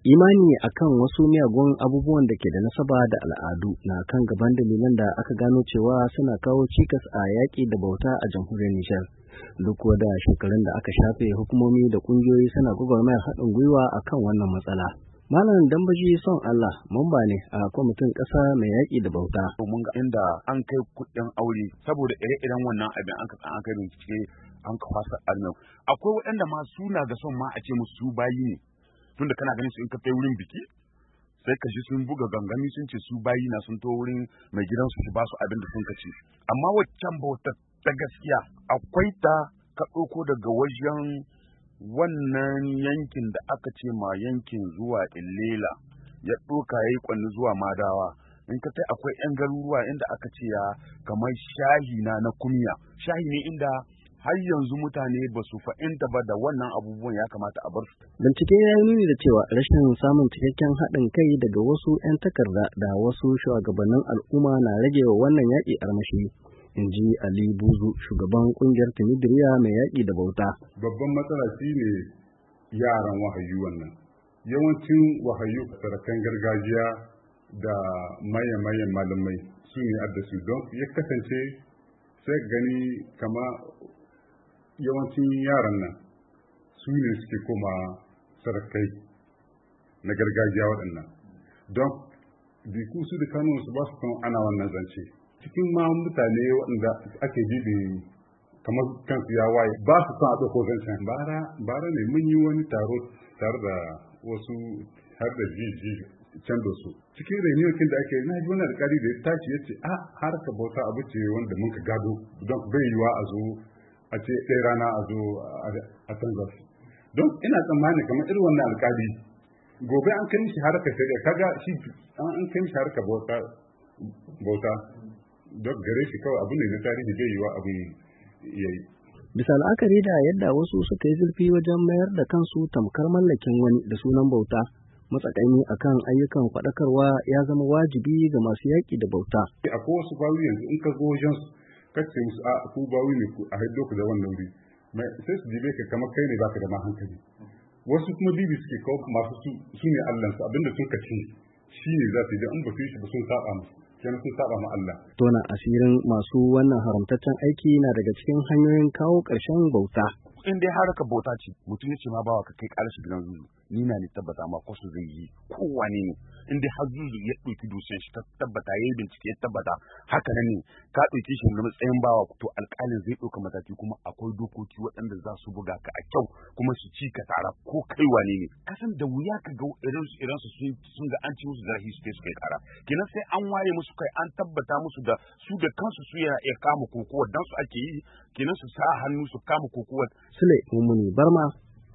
imani akan wasu miyagun abubuwan da ke da nasaba da al'adu na kan gaban dalilan da aka gano cewa suna kawo cikas a yaƙi da bauta a jamhuriyar Nijar. Duk da shekarun da aka shafe hukumomi da ƙungiyoyi suna gwagwarmayar haɗin gwiwa a kan wannan matsala. Malam Dambaji son Allah mamba ne a kwamitin ƙasa mai yaƙi da bauta. Mun ga inda an kai kuɗin aure saboda ire-iren wannan abin an kasa an kai bincike an ka fasa Akwai waɗanda ma suna ga son ma a ce musu bayi ne. tunda kana ganin su in ka kai wurin biki sai ka ji sun buga gangami sun ce su bayi na sun to wurin mai gidansu su ba su abin da sun kace amma waccan bautar ta gaskiya akwai ta ka ɗauko daga wajen wannan yankin da aka ce ma yankin zuwa illela ya ɗauka ya yi kwanni zuwa madawa in ka sai akwai 'yan garuruwa inda aka ce ya kamar shahi na na kumya shahi ne inda har yanzu mutane ba su fa'inta ba da wannan abubuwan ya kamata a bar su. Bincike ya yi nuni da cewa rashin samun cikakken haɗin kai daga wasu 'yan takarda da wasu shugabannin al'umma na rage wa wannan yaƙi armashi. in ji Ali Buzu shugaban ƙungiyar Timidiriya mai yaƙi da bauta. Babban matsala shi ne yaran wahayu wannan. Yawancin wahayu gargajiya da maye-mayen malamai su ne addasu don ya kasance sai gani kama yawancin yaran nan su ne suke koma sarakai na gargajiya waɗannan don biku su da su ba su kan ana wannan zance cikin ma mutane waɗanda ake bibi kamar kansu ya waye ba su kan a ɗauko zancen bara bara ne mun yi wani taro tare da wasu har da jiji can da su cikin reunion da ake na ji wani alƙali da ya tashi ya ce a ah, harka bauta abu ce wanda mun ka gado don bai yiwa a zo a ce ɗaya rana a zo a can zafi don ina tsammani kamar irin wannan alkali gobe an kai shi harkar shari'a kaga shi an kai shi harkar bauta bauta don gare shi kawai abu ne na tarihi zai yi yiwa abin yi bisa la'akari da yadda wasu suka yi zurfi wajen mayar da kansu tamkar mallakin wani da sunan bauta a akan ayyukan faɗakarwa ya zama wajibi ga masu yaƙi da bauta. Akwai wasu kwayoyi yanzu in ka zo wajen kace musu a ku bawi ne ku a haddo ku da wannan wuri mai sai su jibe ka kamar kai ne baka da ma hankali wasu kuma bibi suke kawo masu su su ne Allah su abinda sun kace shi ne za su ji an ba su yi shi ba sun saba musu kenan sun saba ma Allah tona asirin masu wannan haramtaccen aiki na daga cikin hanyoyin kawo ƙarshen bauta in dai haraka bauta ce mutum ya ce ma bawa ka kai ƙarshe gidan zuwa ni na ne tabbata ma kwasu zai yi kowane ne in dai har zuzu ya ɗauki dusiyar shi ta tabbata ya yi bincike ya tabbata haka ne ka ɗauki shi na matsayin bawa to alƙalin zai ɗauka mataki kuma akwai dokoki waɗanda za su buga ka a kyau kuma su ci ka tara ko kai wane ne kasan da wuya ka ga irin su sun ga an ci musu zarafi su su kai kara kenan sai an waye musu kai an tabbata musu da su da kansu su yana iya kama kokowa dan su ake yi kenan su sa hannu su kama kokowa sule mummuni, barma